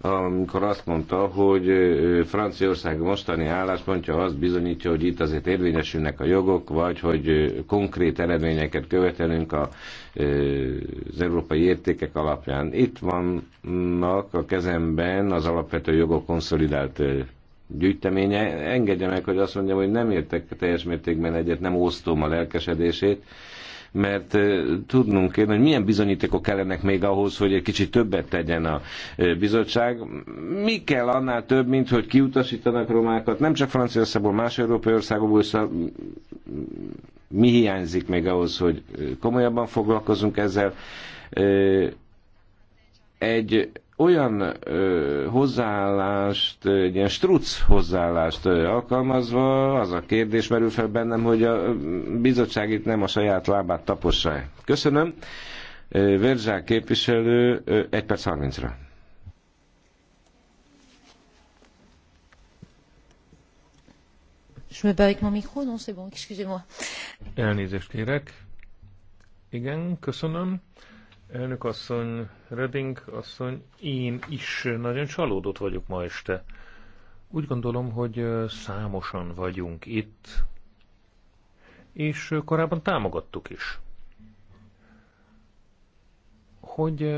amikor azt mondta, hogy Franciaország mostani álláspontja azt bizonyítja, hogy itt azért érvényesülnek a jogok, vagy hogy konkrét eredményeket követelünk a, az európai értékek alapján. Itt vannak a kezemben az alapvető jogok konszolidált gyűjteménye. Engedje meg, hogy azt mondjam, hogy nem értek teljes mértékben egyet, nem osztom a lelkesedését, mert tudnunk kéne, hogy milyen bizonyítékok kellenek még ahhoz, hogy egy kicsit többet tegyen a bizottság. Mi kell annál több, mint hogy kiutasítanak romákat, nem csak Franciaországból, más európai országokból, szóval mi hiányzik még ahhoz, hogy komolyabban foglalkozunk ezzel. Egy olyan ö, hozzáállást, egy ilyen struc hozzáállást ö, alkalmazva, az a kérdés merül fel bennem, hogy a bizottság itt nem a saját lábát tapossa -e. Köszönöm. Verzsák képviselő, ö, 1 perc 30-ra. Elnézést kérek. Igen, köszönöm. Elnök asszony, Reding asszony, én is nagyon csalódott vagyok ma este. Úgy gondolom, hogy számosan vagyunk itt, és korábban támogattuk is. Hogy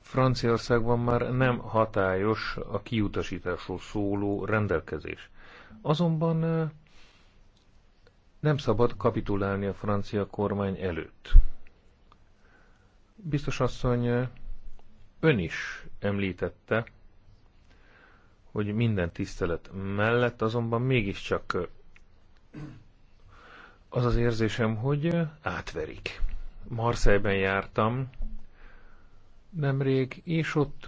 Franciaországban már nem hatályos a kiutasításról szóló rendelkezés. Azonban nem szabad kapitulálni a francia kormány előtt. Biztos asszony, ön is említette, hogy minden tisztelet mellett azonban mégiscsak az az érzésem, hogy átverik. Marseille-ben jártam nemrég, és ott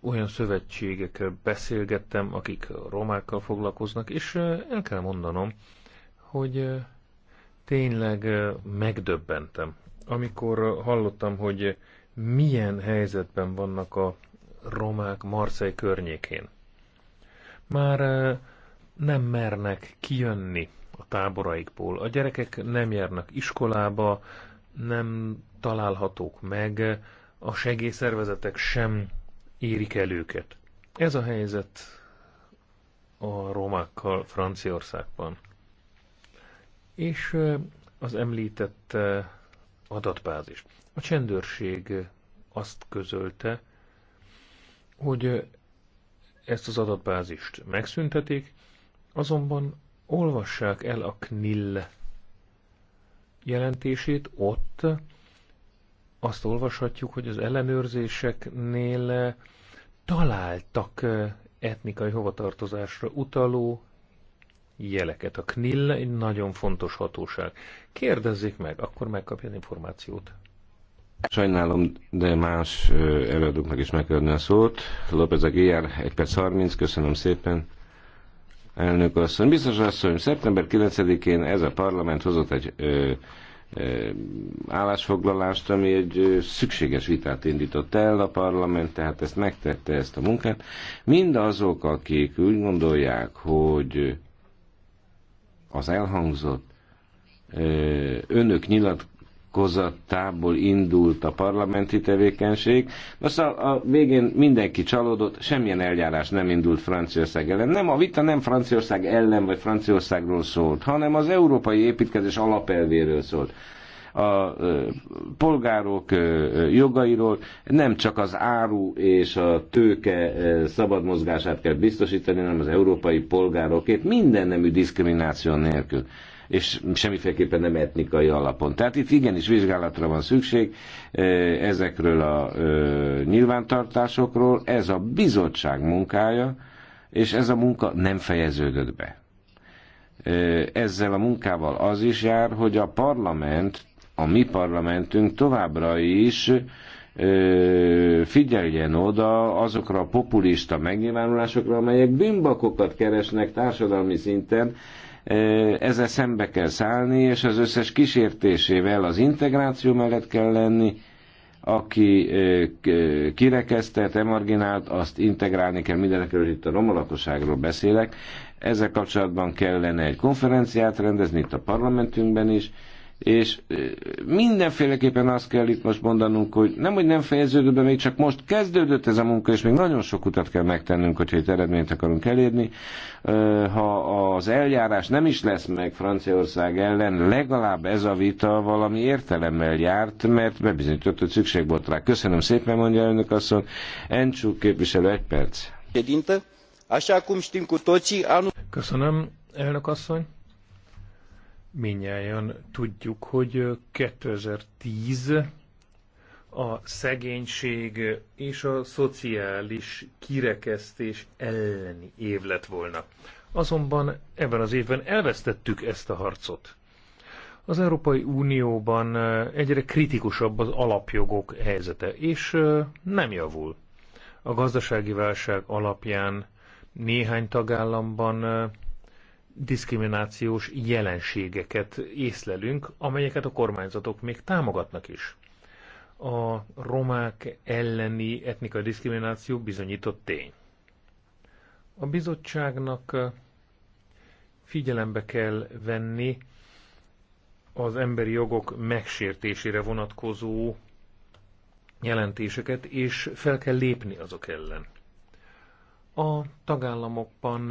olyan szövetségekkel beszélgettem, akik romákkal foglalkoznak, és el kell mondanom, hogy tényleg megdöbbentem, amikor hallottam, hogy milyen helyzetben vannak a romák Marseille környékén. Már nem mernek kijönni a táboraikból. A gyerekek nem járnak iskolába, nem találhatók meg, a segélyszervezetek sem érik el őket. Ez a helyzet a romákkal Franciaországban és az említett adatbázis. A csendőrség azt közölte, hogy ezt az adatbázist megszüntetik, azonban olvassák el a Knill jelentését, ott azt olvashatjuk, hogy az ellenőrzéseknél találtak etnikai hovatartozásra utaló jeleket. A knill egy nagyon fontos hatóság. Kérdezzék meg, akkor megkapja információt. Sajnálom, de más előadóknak is megadni a szót. López a GR, 1 perc 30, köszönöm szépen. Elnök asszony, biztos asszony, szeptember 9-én ez a parlament hozott egy ö, ö, állásfoglalást, ami egy ö, szükséges vitát indított el a parlament, tehát ezt megtette ezt a munkát. Mindazok, akik úgy gondolják, hogy az elhangzott önök nyilatkozatából indult a parlamenti tevékenység. Most a, a végén mindenki csalódott, semmilyen eljárás nem indult Franciaország ellen. Nem, a vita nem Franciaország ellen vagy Franciaországról szólt, hanem az európai építkezés alapelvéről szólt a polgárok jogairól, nem csak az áru és a tőke szabad mozgását kell biztosítani, hanem az európai polgárokét minden nemű diszkrimináció nélkül és semmiféleképpen nem etnikai alapon. Tehát itt igenis vizsgálatra van szükség ezekről a nyilvántartásokról. Ez a bizottság munkája, és ez a munka nem fejeződött be. Ezzel a munkával az is jár, hogy a parlament a mi parlamentünk továbbra is figyeljen oda azokra a populista megnyilvánulásokra, amelyek bűnbakokat keresnek társadalmi szinten, ezzel szembe kell szállni, és az összes kísértésével az integráció mellett kell lenni, aki kirekesztett, emarginált, azt integrálni kell mindenekről, itt a roma lakosságról beszélek. Ezzel kapcsolatban kellene egy konferenciát rendezni itt a parlamentünkben is, és mindenféleképpen azt kell itt most mondanunk, hogy nem, hogy nem fejeződött be, még csak most kezdődött ez a munka, és még nagyon sok utat kell megtennünk, hogyha itt eredményt akarunk elérni. Ha az eljárás nem is lesz meg Franciaország ellen, legalább ez a vita valami értelemmel járt, mert bebizonyított, hogy szükség volt rá. Köszönöm szépen, mondja önök asszony. Encsú képviselő, egy perc. Köszönöm, elnök asszony minnyáján tudjuk, hogy 2010 a szegénység és a szociális kirekesztés elleni év lett volna. Azonban ebben az évben elvesztettük ezt a harcot. Az Európai Unióban eh, egyre kritikusabb az alapjogok helyzete, és eh, nem javul. A gazdasági válság alapján néhány tagállamban eh, diszkriminációs jelenségeket észlelünk, amelyeket a kormányzatok még támogatnak is. A romák elleni etnikai diszkrimináció bizonyított tény. A bizottságnak figyelembe kell venni az emberi jogok megsértésére vonatkozó jelentéseket, és fel kell lépni azok ellen. A tagállamokban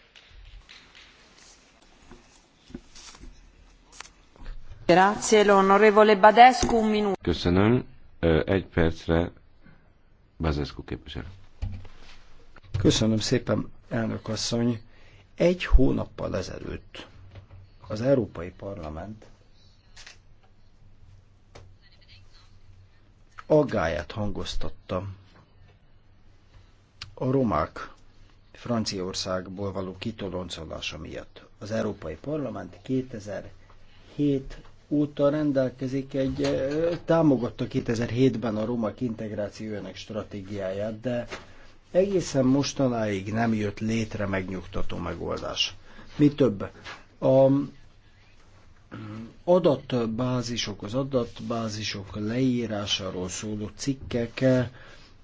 Köszönöm. Egy percre Badescu képviselő. Köszönöm szépen, elnök asszony. Egy hónappal ezelőtt az Európai Parlament aggáját hangoztatta a romák Franciaországból való kitoloncolása miatt. Az Európai Parlament 2007 óta rendelkezik egy, támogatta 2007-ben a romák integrációjának stratégiáját, de egészen mostanáig nem jött létre megnyugtató megoldás. Mi több, a adatbázisok, az adatbázisok leírásáról szóló cikkek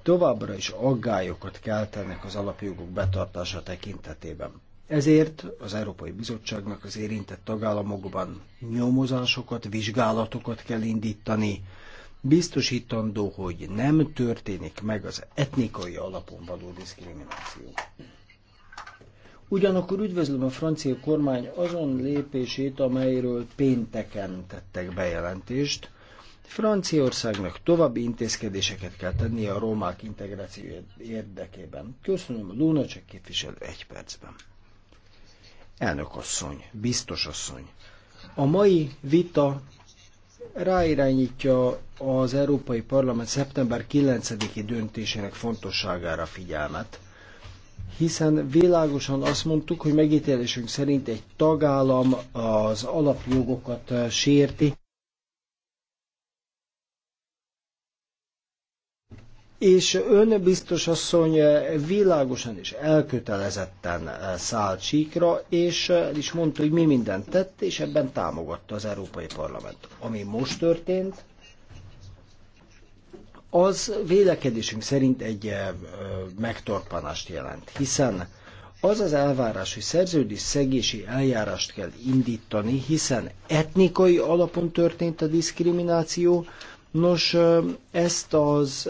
továbbra is aggályokat keltenek az alapjogok betartása tekintetében. Ezért az Európai Bizottságnak az érintett tagállamokban nyomozásokat, vizsgálatokat kell indítani, biztosítandó, hogy nem történik meg az etnikai alapon való diszkrimináció. Ugyanakkor üdvözlöm a francia kormány azon lépését, amelyről pénteken tettek bejelentést. Franciaországnak további intézkedéseket kell tennie a romák integráció érdekében. Köszönöm, Luna csak képviselő egy percben biztos asszony. A mai vita ráirányítja az Európai Parlament szeptember 9-i döntésének fontosságára figyelmet, hiszen világosan azt mondtuk, hogy megítélésünk szerint egy tagállam az alapjogokat sérti, és ön biztos asszony világosan és elkötelezetten eh, szállt síkra, és eh, el is mondta, hogy mi mindent tett, és ebben támogatta az Európai Parlament. Ami most történt, az vélekedésünk szerint egy eh, megtorpanást jelent, hiszen az az elvárás, hogy szerződés szegési eljárást kell indítani, hiszen etnikai alapon történt a diszkrimináció, Nos, ezt az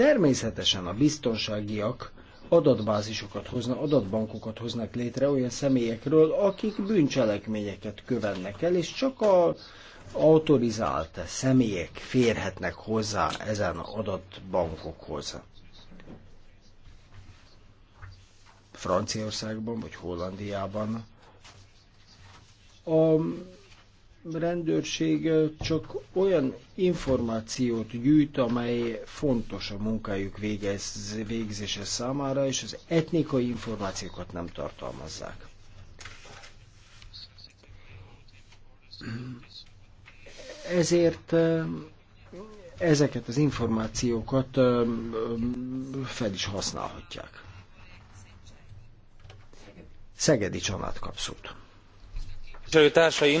Természetesen a biztonságiak adatbázisokat hoznak, adatbankokat hoznak létre olyan személyekről, akik bűncselekményeket követnek el, és csak a autorizált személyek férhetnek hozzá ezen adatbankokhoz. Franciaországban vagy Hollandiában a rendőrség csak olyan információt gyűjt, amely fontos a munkájuk végez, végzése számára, és az etnikai információkat nem tartalmazzák. Ezért ezeket az információkat fel is használhatják. Szegedi család Köszönöm, Társaim,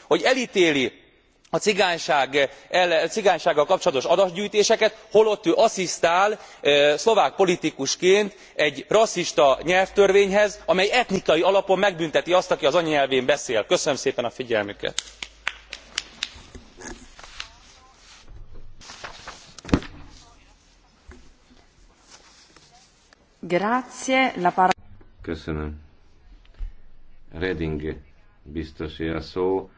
hogy eltéli a cigánysággal kapcsolatos adatgyűjtéseket holott ő asszisztál szlovák politikusként egy rasszista nyelvtörvényhez amely etnikai alapon megbünteti azt aki az anyanyelvén beszél. köszönöm szépen a figyelmüket. Köszönöm. Reding biztosé a szó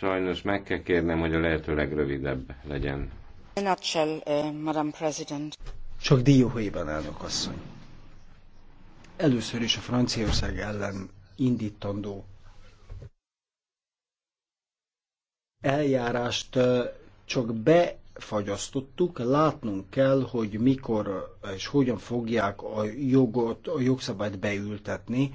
Sajnos meg kell kérnem, hogy a lehető legrövidebb legyen. Nutshell, uh, Madam President. Csak dióhéjban, állok asszony. Először is a Franciaország ellen indítandó eljárást uh, csak befagyasztottuk, látnunk kell, hogy mikor és hogyan fogják a jogot, a jogszabályt beültetni,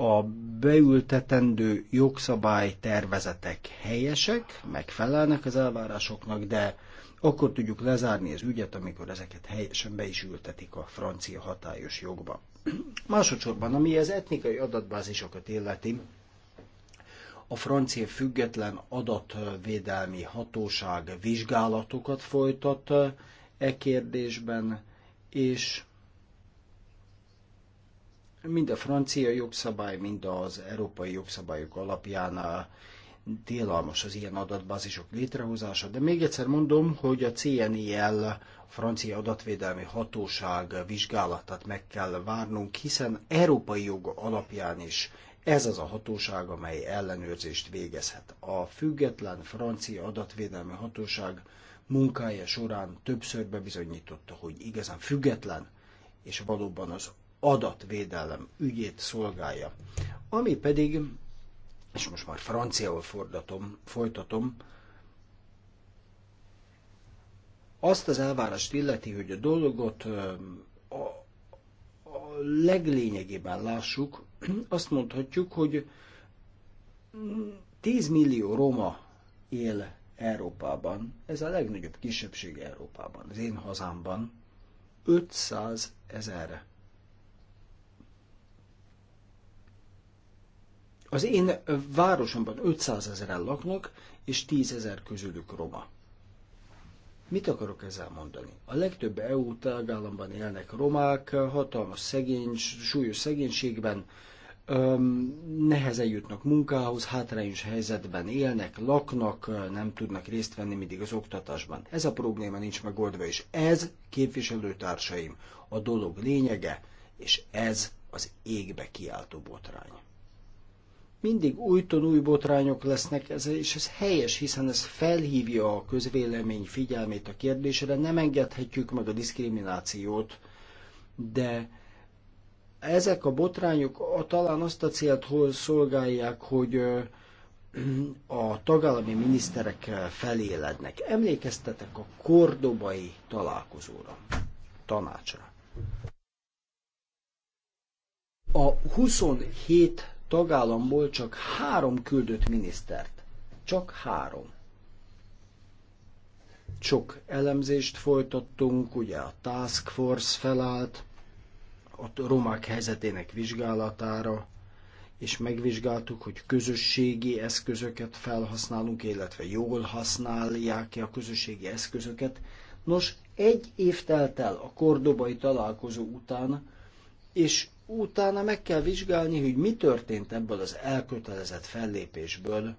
a beültetendő jogszabály tervezetek helyesek, megfelelnek az elvárásoknak, de akkor tudjuk lezárni az ügyet, amikor ezeket helyesen be is ültetik a francia hatályos jogba. Másodszorban, ami az etnikai adatbázisokat illeti, a francia független adatvédelmi hatóság vizsgálatokat folytat e kérdésben, és mind a francia jogszabály, mind az európai jogszabályok alapján tilalmas az ilyen adatbázisok létrehozása, de még egyszer mondom, hogy a CNIL, a francia adatvédelmi hatóság vizsgálatát meg kell várnunk, hiszen európai jog alapján is ez az a hatóság, amely ellenőrzést végezhet. A független francia adatvédelmi hatóság munkája során többször bebizonyította, hogy igazán független, és valóban az adatvédelem ügyét szolgálja. Ami pedig, és most már franciául fordatom, folytatom, azt az elvárást illeti, hogy a dolgot a, a leglényegében lássuk, azt mondhatjuk, hogy 10 millió roma él Európában, ez a legnagyobb kisebbség Európában, az én hazámban, 500 ezer Az én városomban 500 ezeren laknak, és 10 ezer közülük roma. Mit akarok ezzel mondani? A legtöbb EU tagállamban élnek romák, hatalmas szegény, súlyos szegénységben, öm, nehezen jutnak munkához, hátrányos helyzetben élnek, laknak, nem tudnak részt venni mindig az oktatásban. Ez a probléma nincs megoldva, és ez, képviselőtársaim, a dolog lényege, és ez az égbe kiáltó botrány mindig újton új botrányok lesznek, ez, és ez helyes, hiszen ez felhívja a közvélemény figyelmét a kérdésre, nem engedhetjük meg a diszkriminációt, de ezek a botrányok a, talán azt a célt hol szolgálják, hogy a tagállami miniszterek felélednek. Emlékeztetek a kordobai találkozóra, tanácsra. A 27 tagállamból csak három küldött minisztert. Csak három. Sok elemzést folytattunk, ugye a Task Force felállt, a romák helyzetének vizsgálatára, és megvizsgáltuk, hogy közösségi eszközöket felhasználunk, illetve jól használják ki a közösségi eszközöket. Nos, egy év telt el a kordobai találkozó után, és utána meg kell vizsgálni, hogy mi történt ebből az elkötelezett fellépésből,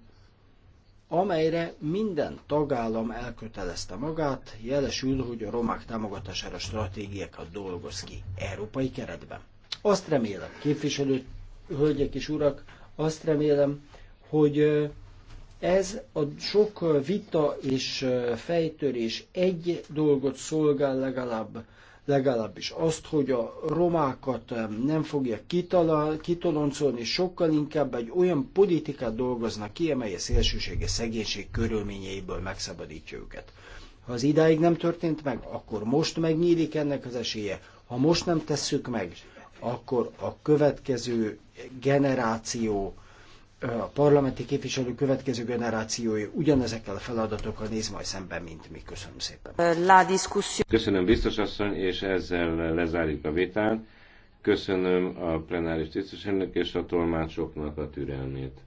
amelyre minden tagállam elkötelezte magát, jelesül, hogy a romák támogatására stratégiákat dolgoz ki európai keretben. Azt remélem, képviselő hölgyek és urak, azt remélem, hogy ez a sok vita és fejtörés egy dolgot szolgál legalább, legalábbis azt, hogy a romákat nem fogja kitalál, kitoloncolni, sokkal inkább egy olyan politikát dolgoznak ki, amely a szélsősége szegénység körülményeiből megszabadítja őket. Ha az idáig nem történt meg, akkor most megnyílik ennek az esélye. Ha most nem tesszük meg, akkor a következő generáció a parlamenti képviselő következő generációi ugyanezekkel a feladatokkal néz majd szemben, mint mi. Köszönöm szépen. La discussion. Köszönöm biztos asszony, és ezzel lezárjuk a vitát. Köszönöm a plenáris tisztviselőnek és a tolmácsoknak a türelmét.